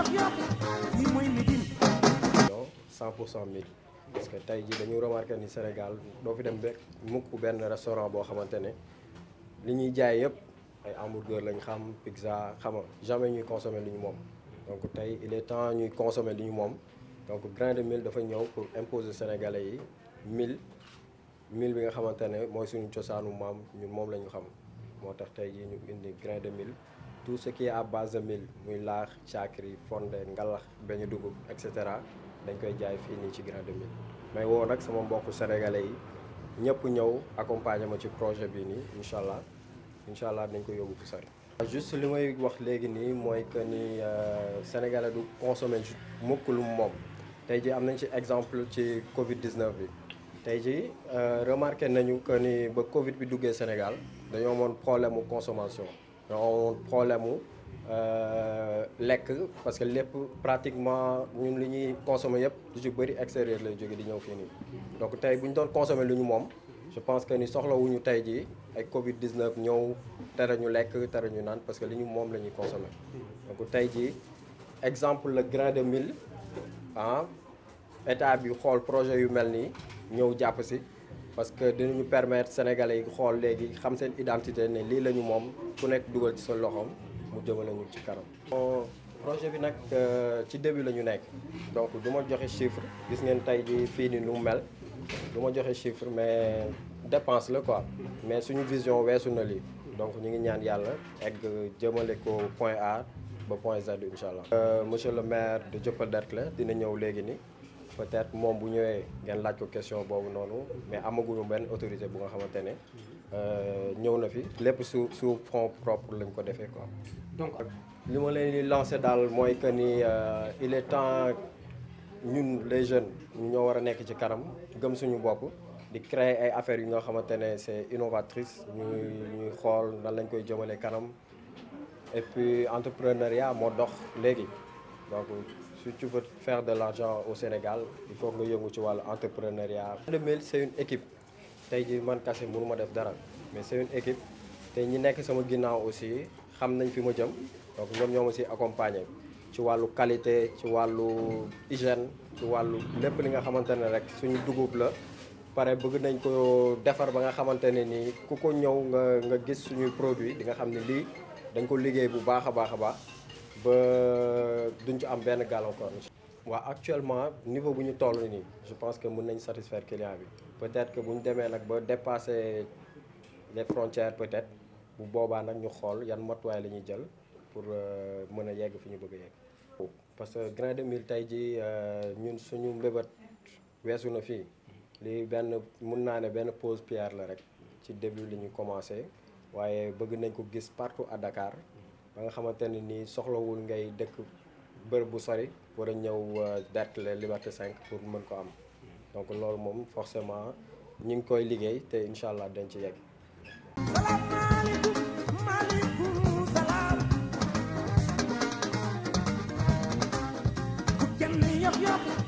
non cent pour cent mille parce que tey jii dañu remarqué ni Sénégal doo fi dem be mukk benn restaurant boo xamante ne li ñuy jaay yëpp ay hamburger lañ xam pizza xama jamais ñuy consommer li ñu moom donc tey il est temps ñuy consommer li ñu moom donc grain de mil dafa ñëw pour imposer sénégalais yi mil mil bi nga xamante ne mooy suñu cosaanu maam ñun moom la ñu xam moo tax tey jii ñu indi grain de mil tout ce qui est à base de mil muy laax caakri fonde ngalax beñu dugub et cetera dañ koy jaay fii nii ci grain de mil mais woo nag sama mbokku sénégalais yi ñëpp ñëw accompagner ma ci projet bii nii incha allah incha allah dañ ko yóbbu fu sori. juste li may wax léegi nii mooy que ni euh, sénégalais du consommer mukk lu moom tey jii am nañ ci exemple ci Covid 19 bi tey jii euh, remarqué nañu que ni ba Covid bi duggee Sénégal dañoo amoon problème mu consommation. amoon problème mu euh, lekk parce que lépp pratiquement ñun li ñuy consommer yëpp du ci bëri extérieur lay jóge di ñëw fii nii donc tey bu ñu doon consommer lu ñu moom je pense que ni soxlawuñu tey jii ay Covid 19 ñëw tere ñu lekk tere ñu naan parce que li ñu moom la ñuy consommer donc tey jii exemple le grain mille mil ah état bi xool projet yu mel nii ñëw jàpp si. parce que dinañu permettre sénégalais yi xool léegi xam seen identité ne lii la ñu moom ku nekk dugal ci sa loxoom mu jëmale ñu ci kanam. projet bi nag euh, ci début la ñu nekk donc du ma joxe chiffre gis ngeen tey jii fii ni nu mu mel du ma joxe chiffre mais dépense la quoi mais suñu vision weesu na lii donc ñu ngi ñaan yàlla egg jëmale ko point A ba point Z incha allah. Euh, monsieur le maire de Dieuppeul-Derklé dina ñëw léegi nii. peut-être moom bu ñëwee ngeen laaj ko question boobu noonu mais amaguñu benn autorité bu nga xamante ne euh, ñëw na fi lépp su su fonds propre lañ ko defee ko donc li ma leen di lancer daal mooy que ni euh, il est temps ñun les jeunes ñoo war a nekk ci kanam gëm suñu bopp di créer ay affaires yu nga xamante ne c'est innovatrice ñuy ñuy xool nan lañ koy jëmale kanam et puis entrepreneuriat moo dox léegi si tu veux faire de l'argent au Sénégal il faut nga yëngu ci wàllu entrepreneuriat. Le Mille c'est une équipe tey jii man kese mënu ma def dara mais c'est une équipe tey ñi nekk sama ginnaaw aussi xam nañ fi ma jëm donc ñoom ñoo si accompagner ci wàllu qualité ci wàllu hygiène ci wàllu lépp li nga xamante ne rek suñu dugub la pare bëgg nañ ko defar ba nga xamante ne nii ku ko ñëw nga nga gis suñuy produit di nga xam ne lii dañ ko liggéey bu baax a baax a baax. ba duñ ci am benn gàllankoor. waa actuellement niveau bu ñu toll nii je pense que mun nañ satisfaire client bi peut-être que bu ñu demee nag ba dépasser les frontières peut-être bu boobaa nag ñu xool yan matuwaay la ñuy jël pour euh, mën a yegg fi ñu bëgg a yegg. parce que grain de mil tey jii euh, ñun suñu mbébét weesu na fii lii benn mun naa ne benn pose pierre la rek ci début li ñu commencé waaye bëgg nañ ko gis partout à Dakar. ba nga xamante ne nii soxlawul ngay dëkk bërëb bu sori war a ñëw euh, Derklé Liberté 5 pour mën ko am donc loolu moom forcément ñu ngi koy liggéey te incha allah dañ ci yegg.